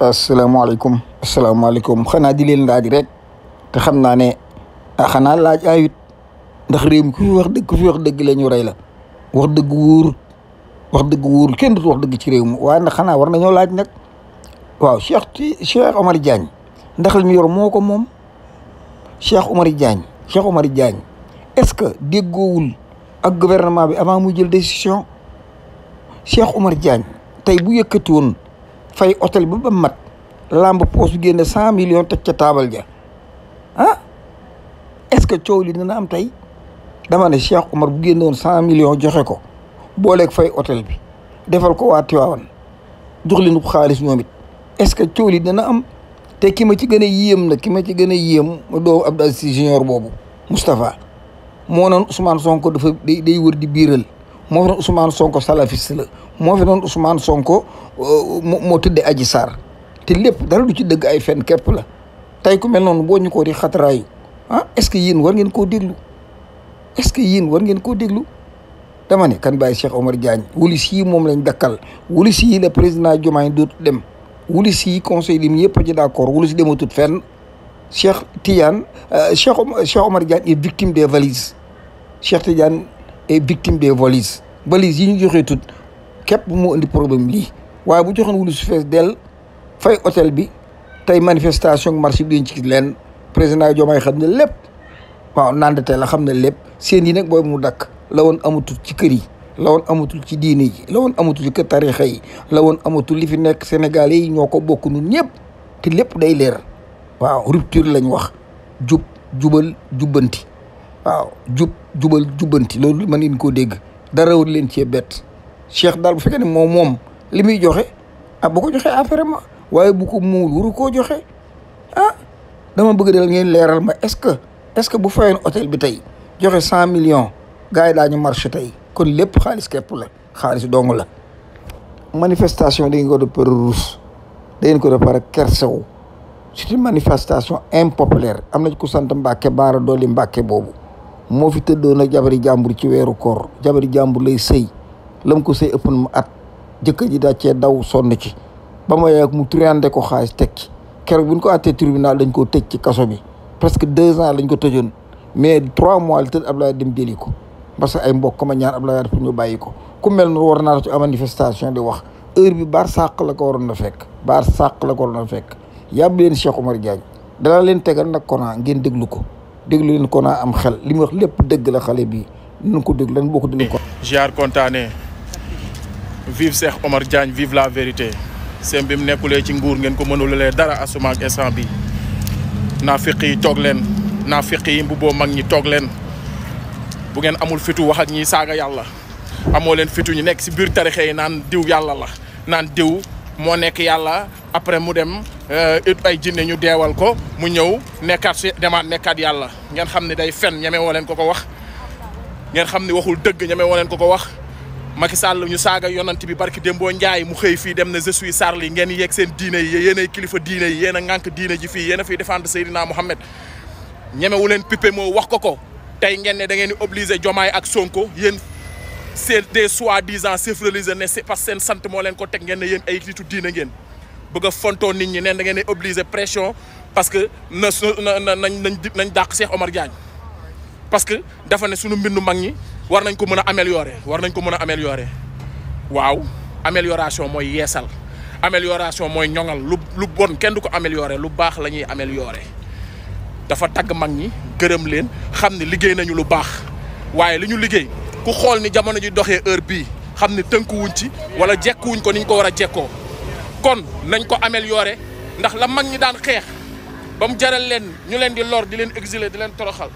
asalaamaaleykum asalaamaaleykum xanaa di leen laaj rek te xam naa ne ah xanaa laaj ayut ndax réew mi ku fi wax dëgg ku fi wax dëgg la ñu rey la wax dëgg wóor wax dëgg wóor kenn du wax dëgg ci réew mi waaye nag xanaa war nañoo laaj nag waaw Cheikh Cheikh Omar Diagne ndax la ñu yor moo ko moom Cheikh Omar Diagne Cheikh Omar Diagne est-ce que déggoowul ak gouvernement bi avant muy jël décision Cheikh Omar Diagne tey bu yëkkati woon fay hôtel bu ba mat làmb poos génne cent millions teg ca taabal ja ah est-ce que coow li dina am tey dama ne Cheikh bu génnoon cent million joxe ko booleeg fay hôtel bi defal ko waa Tiwaawan jox leen xaalis ñoom it est-ce que coow li dina am te ki ma ci gën a yéem na ki ma ci gën a yéem mu doomu Abdou boobu Moustapha moo noon Ousmane Sonko dafa day wër di biiral moo noon Ousmane Sonko salafiste la moo fi noon Ousmane Sonko euh, moo tëddee Adji Sarr te lépp dara du ci dëgg ay fen képp la tey ku mel noonu boo ñu ko di xataraayu ah est-ce que yéen war ngeen koo déglu est-ce que yéen war ngeen koo déglu dama ne kan bàyyi Cheikh Omar Diagne wulis yi moom lañ dakkal wulis yi le président Diomaye dootu dem wulis yi conseil lim yëpp a ci d'accord wulis dematut fenn Cheikh Tidiane euh, Cheikh Cheikh Omar Diagne est victime des valise Cheikh Tidiane est victime des valises valises yi ñu joxee tut képp mu indi problème lii waaye bu joxoon wulu su fees dell fay hôtel bi tey manifestation marché bi dañ ci leen président Diomaye xam ne lépp waaw naan la xam ne lépp seen yi nag booy mu dakk la woon amatul ci kër yi la woon amatul ci diine yi la woon amatul ci kër tarixa yi la woon amatul li fi nekk Sénégalais yi ñoo ko bokk nun ñëpp te lépp day leer waaw rupture lañ wax jub jubal jubbanti waaw jub jubal jubbanti loolu man in ko dégg dara wut leen cee bett cheikh daal bu fekkee ne moom moom li muy joxe a ah bu ko joxee affaire ma waaye bu ko muul wuru koo joxe ah dama bëgg dal ngeen leeral ma est-ce que est-ce que bu fayoon hôtel bi tey joxe cent million gars yi daañu marché tey kon lépp xaalis képp la xaalis dong la. manifestation da ko def par rus da ko par kersew c'est une manifestation impopulaire am na ku sant Mbàkke Baara Dooli Mbàkke boobu moo fi tëddoon ak jabari jàmbur ci weeru koor jabari jàmbur lay sëy lam ko sëy ëppan mu at jëkkër ji daa cee daw sonn ci ba ma yeeg mu truandé ko xaalis teg ci keroog bu ñu ko àttee tribunal dañ koo tëj ci kaso bi presque deux ans lañ ko tëjoon mais trois mois la tëj dem jëli ko parce que ay mbokk ma ñaan Abdoulaye pour ñu bàyyi ko ku mel noonu war naa ci am manifestation di wax heure bi baar sàq la ko waroon na fekk baar sàq la ko waroon fekk yàbb leen Cheikh Omar Diagne danaa leen tegal nag konaa ngeen déglu ko déglu leen konaa am xel li mu wax lépp dëgg la xale bi nañ ko déglu lan boo ko déglu ko ziar kontaanee vive Cheikh Omar Diagne vive la vérité seen bi mu nekkulee ci nguur ngeen ko mënulee dara asuma ak instant bi naafiq yi toog leen naafiq yi mbubboo mag ñi toog leen bu ngeen amul fitu wax ak ñi saaga yàlla amoo leen fitu ñu nekk si biir tarixe yi naan diw yàlla la naan diw moo nekk yàlla après mu dem it euh, ay jinne ñu deewal ko mu ñëw nekkaat si demaat nekkaat yàlla ngeen xam ne day fen ñeme woo leen ko ko wax ngeen xam ne waxul dëgg ñeme woo leen ko ko wax Macky Sall ñu saaga yonant bi barki Dembo Ndiaye mu xëy fii dem na je suis Sarli ngeen yeeg seen diine yi yéen ay kilifa diine yi yéen a ŋànk diine ji fii yéen a fiy défendre Seydina Mohamed ñemewu leen pipe moo wax ko ko tey ngeen ne da ngeen di obligé Jomaay ak Sonko yéen c'est des soi-disant secularisés ne c'est parce que seen sant moo leen ko teg ngeen ne yéen ay nitu diine ngeen bëgg a fontoo nit ñi neen da ngeen di obligé pression parce que na na nañ nañ nañ dàq Cheikh Omar Diagne parce que dafa ne suñu mbindu mag ñi. war nañ ko mën a améliorer war nañ ko mën a améliorer waaw amélioration mooy yeesal amélioration mooy ñoŋal lu lu bon kenn du ko améliorer lu baax la ñuy améliorer dafa tagg mag ñi gërëm leen xam ne liggéey nañu lu baax waaye li ñu liggéey ku xool ni jamono ji doxee heure bii xam ne wuñ ci wala wuñ ko ni ñu ko war a jekkoo kon nañ ko améliorer ndax la mag ñi daan xeex ba mu jaral leen ñu leen di lor di leen exiler di leen toroxal.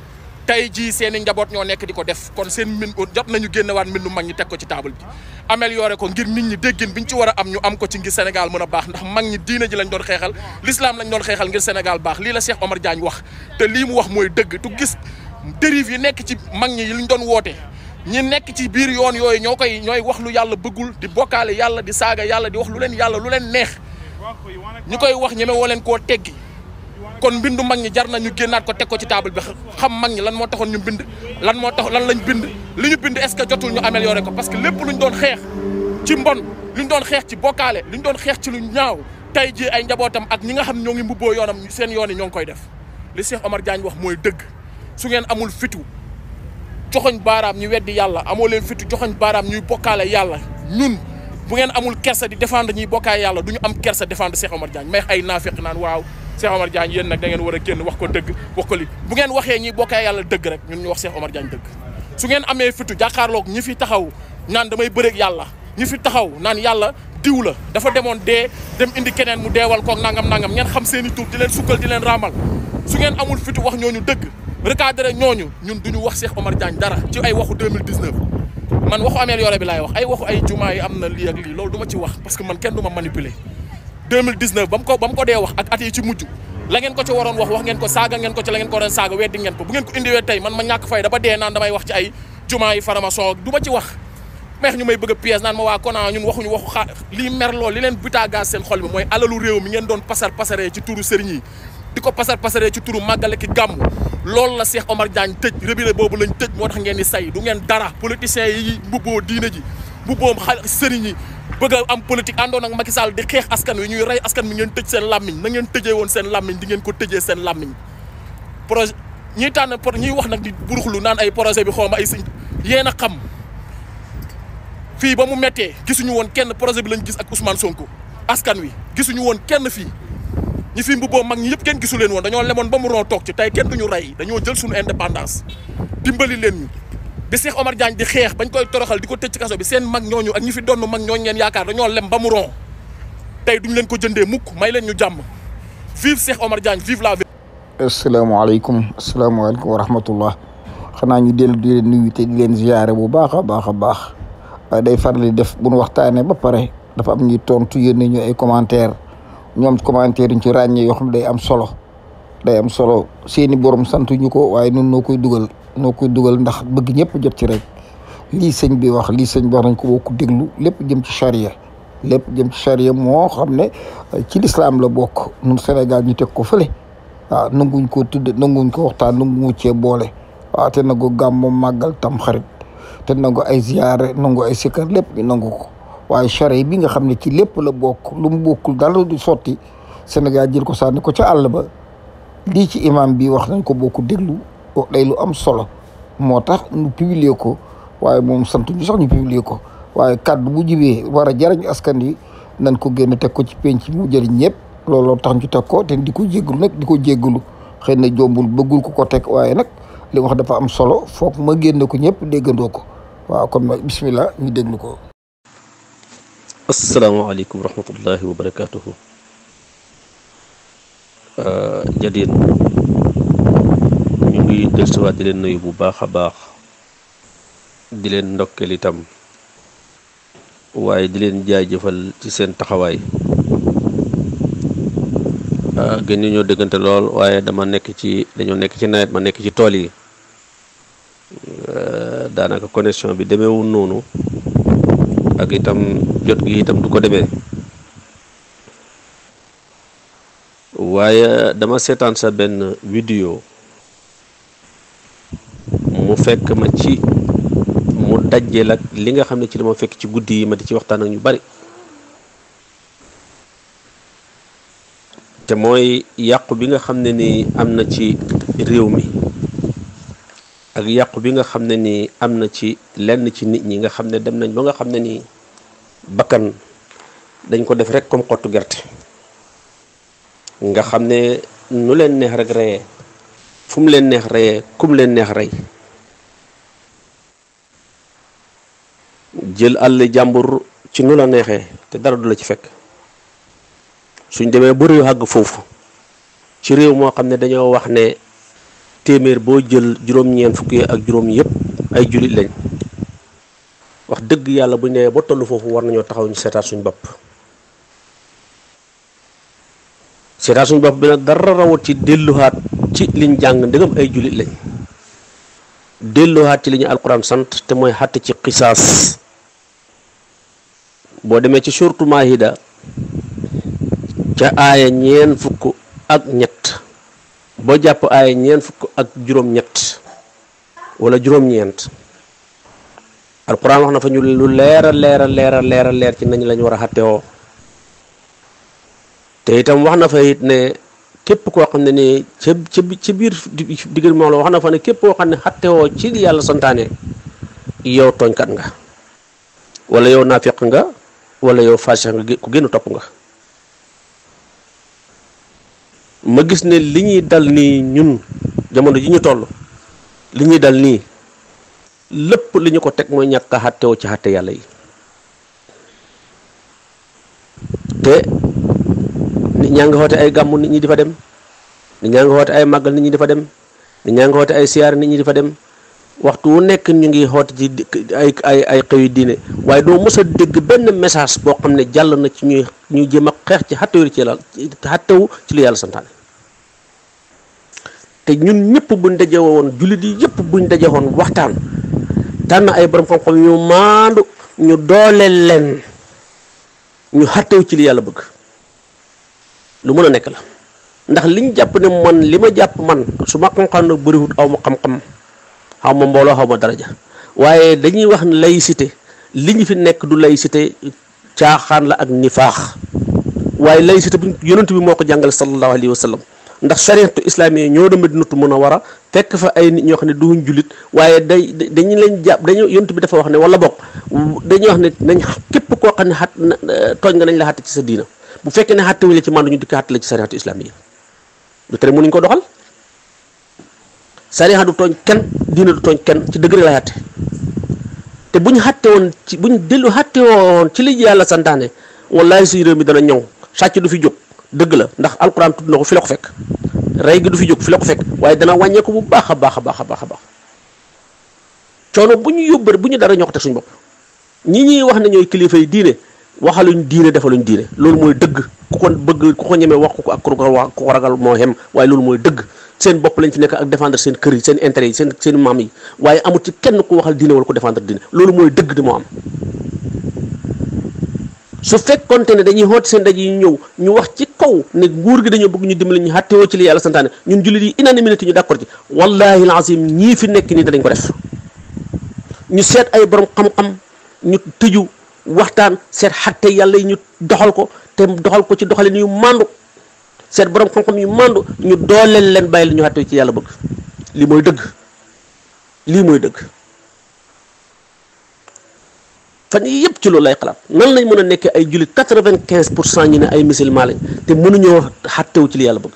tey jii seen i njaboot ñoo nekk di ko def kon seen min jot nañu génnewaat mbindu mag ñi teg ko ci table bi amélioré ko ngir nit ñi déggin bi ñu ci war a am ñu am ko ci ngir Sénégal mën a baax ndax mag ñi diine ji lañ doon xeexal l'islam lañ doon xeexal ngir Sénégal baax lii la Cheikh Omar Diagne wax te lii mu wax mooy dëgg tu gis dérive yi nekk ci mag ñi ñu doon woote ñi nekk ci biir yoon yooyu ñoo koy ñooy wax lu yàlla bëggul di bokkaale yàlla di saaga yàlla di wax lu leen yàlla lu leen neex ñu koy wax ñeme woo leen koo teggi kon mbindu mag ñi jar na ñu génnaat ko teg ko ci table bi xam mag ñi lan moo taxoon ñu bind lan moo tax lan lañ bind li ñu bind est-ce que jotul ñu améliorer ko parce que lépp luñ doon xeex ci mbon luñ doon xeex ci bokkaale luñ doon xeex ci lu ñaaw tey jii ay njabootam ak ñi nga xam ñoo ngi mbubboo yoonam seen yoon yi ñoo ngi koy def li Cheikh Omar Diagne wax mooy dëgg su ngeen amul fitu joxoñ baaraam ñu weddi yàlla amoo leen fitu joxoñ baaraam ñuy bokkaale yàlla ñun bu ngeen amul kersa di défendre ñuy bokkaale yàlla du ñu am kersa défendre Cheikh Omar Diagne may ay naafiq naan waaw Cheikh Omar Diagne yéen nag da ngeen war a génn wax ko dëgg wax ko li bu ngeen waxee ñi bokkee yàlla dëgg rek ñun ñu wax Cheikh Omar Diagne dëgg su ngeen amee fitu jàkkaarloog ñi fi taxaw naan damay bëreeg yàlla ñi fi taxaw naan yàlla diw la dafa demoon dee dem indi keneen mu deewal koog nangam nangam ngeen xam seen i tur di leen sukkal di leen raamal su ngeen amul fitu wax ñooñu dëgg recadré ñooñu ñun duñu wax Cheikh Omar Diagne dara ci ay waxu 2019 man waxu amélioré bi laay wax ay waxu ay jumaa yi am na lii ak lii loolu duma ci wax parce que man kenn du ma manipuler 2019 ba mu ko ba mu ko dee wax ak at yi ci mujj la ngeen ko ci waroon wax wax ngeen ko saaga ngeen ko ci la ngeen ko waroon saaga weddi ngeen ko bu ngeen ko indiwee tey man ma ñàkk fay daba dee naan damay wax ci ay jumaa yi faramason du ci wax meex ñu may bëgg a pièce naan ma waa Kona ñun waxuñu waxu xa lii mer lool li leen butaagas seen xol bi mooy alalu réew mi ngeen doon pasar pasaree ci turu sëriñ di ko pasar pasaree ci turu màggale ki gàmm loolu la boobu lañ tëj moo tax ngeen di ngeen dara politiciens yi mbubboo diine yi bëgg a am politique àndoon ak Macky Sall di xeex askan wi ñuy rey askan wi ngeen tëj seen làmmiñ na ngeen tëjee woon seen làmmiñ di ko tëjee seen làmmiñ projet ñiy tànn pro ñiy wax nag di buruxlu naan ay projet bi xaw ma ay si yéen a xam fii ba mu mettee gisuñu woon kenn projet bi lañ gis ak Ousmane Sonko askan wi gisuñu woon kenn fii ñi fi mbubboo mag ñi yëpp kenn gisu leen woon dañoo lemoon ba mu roo toog ci tey kenn duñu rey dañoo jël suñu indépendance dimbali leen ñu bi Cheikh Omar Diagne di xeex bañ koy toroxal di ko tëj ci kaso bi seen mag ñooñu a ñi fi doon mag ñooñu ngeen yaakaar dañoo lem ba mu ron tey duñ leen ko jëndee mukk may leen ñu jàmm vive Cheikh Omar Diagne vive la asalaamaaleykum asalaamaaleykum wa rahmatullah xanaa ñu dellu di leen nuyu te di leen ziyaare bu baax a baax a baax day faral di def bu nu waxtaanee ba pare dafa am ñuy tontu yéen ñu ay commentaire ñoom commentaire ñu ci ràññee yoo xam day am solo day am solo seeni borom sant ñu ko waaye nun noo koy dugal noo koy dugal ndax bëgg ñëpp jot ci rek lii sëñ bi wax li sëñ bi wax nañ ko bokk déglu lépp jëm ci charia lépp jëm ci charia moo xam ne euh, ci lislaam la bokk nun Sénégal ñu teg ko fële waaw nanguñ koo tudd nanguñ ko waxtaan nanguñ cee boole waaw te nangu màggal tam xarit te nangu ay ziyaare nangu ay sikkar lépp ñu nangu ko waaye charia bi nga xam ne ci lépp la bokk lu mu bokkul dara du sotti senegal jël ko sànni ko ca àll ba lii ci imam bi wax nañ ko bokk déglu day lu am solo moo tax ñu publier ko waaye moom sant ñu sax ñu publier ko waaye kàddu bu jibee war a jariñu askan yi nañ ko génn teg ko ci penc mu jëriñ ñëpp looloo tax ñu teg ko te di ko jéggul nag di ko jéggalu xëy na jombul bëggul ko ko teg waaye nag li wax dafa am solo foog ma génne ko ñëpp déggandoo ko waaw kon nag bismillah ñu déglu ko asalaamaaleykum wa rahmatullahi wa barakaatuhu euh, jadeen yi di leen nuyu bu baax a baax di leen ndokkeel itam waaye di leen jëfal ci seen taxawaay ah, gën ñoo dëggante lool waaye dama nekk ci dañoo nekk ci nawet ma nekk ci tool yi ah, daanaka connexion bi demeewul noonu ak itam jot gi itam du ko demee waaye dama seetaan sa benn vidéo mu fekk ma ci mu dajjel ak li nga xam ne ci la ma fekk ci guddi yi ma di ci waxtaan ak ñu bari te mooy yàqu bi nga xam ne ni am na ci réew mi ak yàqu bi nga xam ne ni am na ci lenn ci nit ñi nga xam ne dem nañ ba nga xam ne ni bakkan dañ ko def rek comme xottu gerte nga xam ne nu leen neex rek reyee fu mu leen neex reyee ku leen neex rey jël àll jàmbur ci nu la neexee te dara du la ci fekk suñ demee bu réew àgg foofu ci réew moo xam ne dañoo wax ne téeméer boo jël juróom-ñeent fukki ak juróom yépp ay jullit lañ wax dëgg yàlla bu ñu nee ba tollu foofu war nañoo taxaw ñu seetaat suñ bopp seetaat suñ bopp bi nag dara rawat ci delluwaat ci liñ jàng ndëgam ay jullit lañ delloowaat ci li ñu sant te mooy xatt ci xisaas boo demee ci surtu maahida ca aaya ñeen fukk ak ñett ba jàpp aaya ñeent fukk ak juróom-ñett wala juróom-ñeent alquran wax na fa ñu lu leera leera leera leera leer ci nañ lañu war a xattewoo te itam wax na fa it ne képp koo xam ne ne ca ca biir diggal moom la wax na fa ne képp koo xam ne xattewoo ci yàlla santaane yow tooñkat nga walla yow naafiq nga walla yow faasix nga ku génn topp nga ma gis ne li ñuy dal nii ñun jamono ji ñu toll li ñuy dal nii lépp li ñu ko teg mooy ñàkk xattewoo ci xatte yàlla yi te ñaa ngi xoote ay gàmmu nit ñi dafa dem nit ñaa ngi xoote ay màggal nit ñi di dem nit ñaa ngi xoote ay siyaar nit ñi di dem waxtu wu nekk ñu ngi xoote ci ay ay ay yu diine waaye doo mës a dégg benn message boo xam ne jàll na ci ñuy ñuy jéem a xeex ci xattawér ci yàlla xattawu ci lu yàlla santaane te ñun ñëpp buñ daje woon jullit yi yëpp buñ daje waxtaan tànn ay borom xam-xam ñu maandu ñu dooleel leen ñu xattawu ci li yàlla bëgg lu mën a nekk la ndax liñ jàpp ne man li ma jàpp man su ma xam-xam nag bëriwut aw ma xam-xam xaw ma mbooloo xaw ma daraja waaye dañuy wax ne laïcité li ñu fi nekk du laïcité caaxaan la ak nifaax waaye laïcité bu yonent bi moo ko jàngale sallallahu alayhi wa sallam ndax chariatu yi ñoo mën a war a fekk fa ay nit ñoo xam ne duñ jullit waaye day dañu leen jàpp dañu yonent bi dafa wax ne wala bokk dañuy wax ne nañ képp koo xam ne xat tooñ nga nañ la ci sa diina bu fekkee ne xàtte wu la ci màndu ñu dikk xàtte la ci sariatu islamiyya du tere mënuñ ko doxal sariya du tooñ kenn diina du tooñ kenn ci degré la xàtte te bu ñu xàtte woon ci bu ñu dellu xàtte ci li yàlla santaane wallahi suñu réew mi dana ñëw sàcc du fi jóg dëgg la ndax alquran tudd na ko fi la fekk rey gi du fi jóg fi la ko fekk waaye dana wàññeeku bu baax a baax a baax a baax a baax coono bu ñu yóbbër bu ñu dara ñoo te teg suñu bopp ñi ñuy wax ne ñooy kilifa yi diine waxaluñ diine defaluñ diine loolu mooy dëgg ku ko bëgg ku ko ñemee wax ko ak ku ko wax ku ko ragal moo xem waaye loolu mooy dëgg seen bopp lañ ci nekk ak défendre seen kër yi seen intérêt yi seen seen maam yi waaye amul ci kenn ku waxal diine wala ko défendre diine loolu mooy dëgg di moo su fekkonte ne dañuy xoot seen dañuy ñëw ñu wax ci kaw ne nguur gi dañoo bëgg ñu dimbali ñu xàttewoo ci li yàlla santaane ñun jullit yi unanimité ñu d'accord ci wallahi alazim fi nekk nii danañ ko def ñu seet ay borom xam-xam ñu tëju waxtaan seet te yàlla yi ñu doxal ko te doxal ko ci doxalin yu màndu seet borom xam-xam yu màndu ñu dooleel leen bàyyi la ñu xatte ci yàlla bëgg lii mooy dëgg lii mooy dëgg fan yii yëpp ci loolu lay xalaat nan lañ mën a nekkee ay jullit quatre-vingt-quinze pour cent ñi ne ay musulman lañ te mënuñoo xattewu ci li yàlla bëgg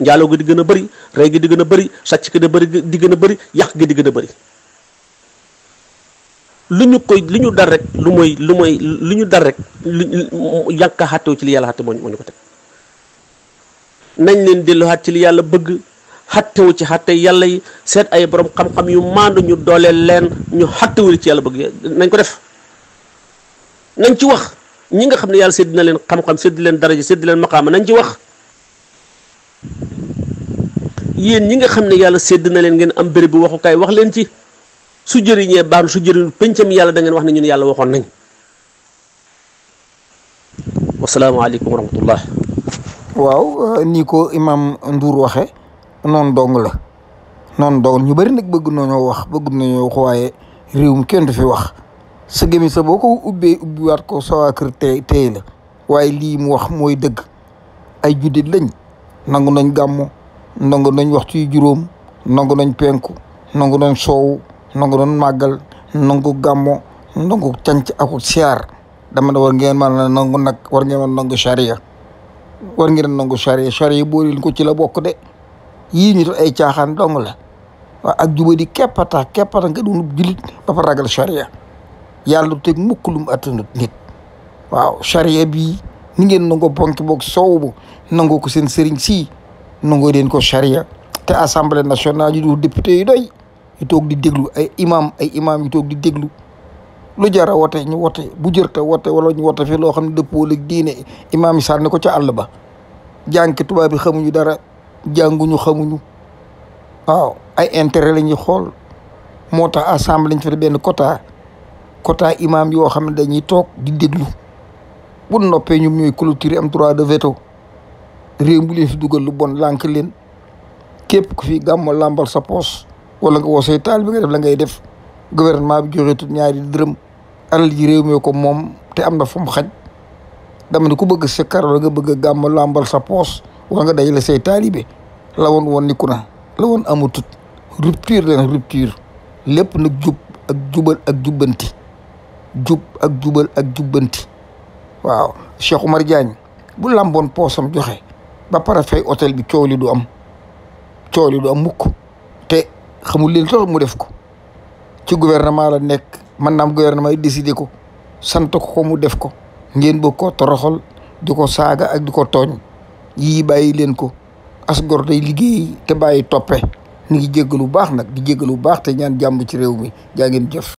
njaaloo gi di gën a bari rey gi di gën a bari sàcc gi di di gën a bari yàq gi di gën a bari lu ñu koy lu ñu dar rek lu mooy lu mooy lu ñu dar rek lu yànka xàttewu ci li yàlla xàtte moo ñu ko teg nañ leen delluwaat ci li yàlla bëgg xàttewu ci xàtte yàlla yi ay borom xam-xam yu maandu ñu dooleel leen ñu xàttewul ci yàlla bëgg nañ ko def nañ ci wax ñi nga xam ne yàlla sédd na leen xam sédd leen daraja sédd leen maqaama nañ ci wax yéen ñi nga xam ne yàlla sédd na leen ngeen am béréb bu waxukaay wax leen ci su jëriñee baax su jëriñu pëncam yàlla da wax ne ñun yàlla waxoon nañ waaw euh, ni ko imam Ndour waxe noon dong la noonu dong ñu bëri nag bëgg nañoo wax bëgg nañoo wax waaye réewum kenn du fi wax sa gémmiñ sa boo ko ubbee ubbiwaat ko sa waa tey la waaye lii mu wax mooy dëgg ay juddit lañ nangu nañ gàmmu nangu nañ waxtu yu juróom nongu nañ penku nangu nañ soow nangu doon màggal nangu gàmmo nangu canc aku siyaar dama ne war ngeen mën a nangu nag war ngeen mën a nangu charia war ngeen nangu charia charia ko ci la bokk de yii ñu def ay caaxaan dong la waaw ak jubadi keppata keppata nga ta nga ba fa ragal charia yàlla du teg mukk lu mu nit waaw charia bi ni ngeen nangoo bonk boog soowu nangoo ko seen sëriñ si nangoo leen ko charia te assemblée nationale yi du député yu doy yu toog di déglu ay imam ay imam yi toog di déglu lu jara wote ñu wote bu jërta wote wala ñu wote fi loo xam ne dëppoo ak diine imam yi sànni ko ca àll ba jànki tubaab bi xamuñu dara jànguñu xamuñu waaw ay intérêt la ñuy xool moo tax assemblée lañ fi benn quota quota imam yoo xam ne dañuy toog di déglu bu noppee ñoom ñooy clôture am droit de veto réew mu leen fi dugal lu bon lànk leen képp ku fi gàmmo làmbal sa poos wala nga woo say taal bi nga def la ngay def gouvernement bi joxe tut ñaari dërëm alal ji réew mi ko moom te am na fu mu xaj dama ne ku bëgg sikkar wala nga bëgg a gàmm làmbal sa poos wala nga dajale say taalibe la woon woon ni na la woon amutut rupture leen rupture lépp nag jub ak jubal ak jubbanti jub ak jubal ak jubbanti waaw Cheikh Oumar Diagne bu làmboon poosam joxe ba pare fay hôtel bi coow li du am coow doo am mukk xamul leen tax mu def ko ci gouvernement la nekk mën naa am gouvernement yi décidé ko sant ko ko mu def ko ngeen bëgg ko toroxal di ko saaga ak di ko tooñ yii bàyyi leen ko as gor day liggéey te bàyyi toppe ni ngi jéggalu baax nag di jéggalu baax te ñaan jàmm ci réew mi jaa ngeen jëf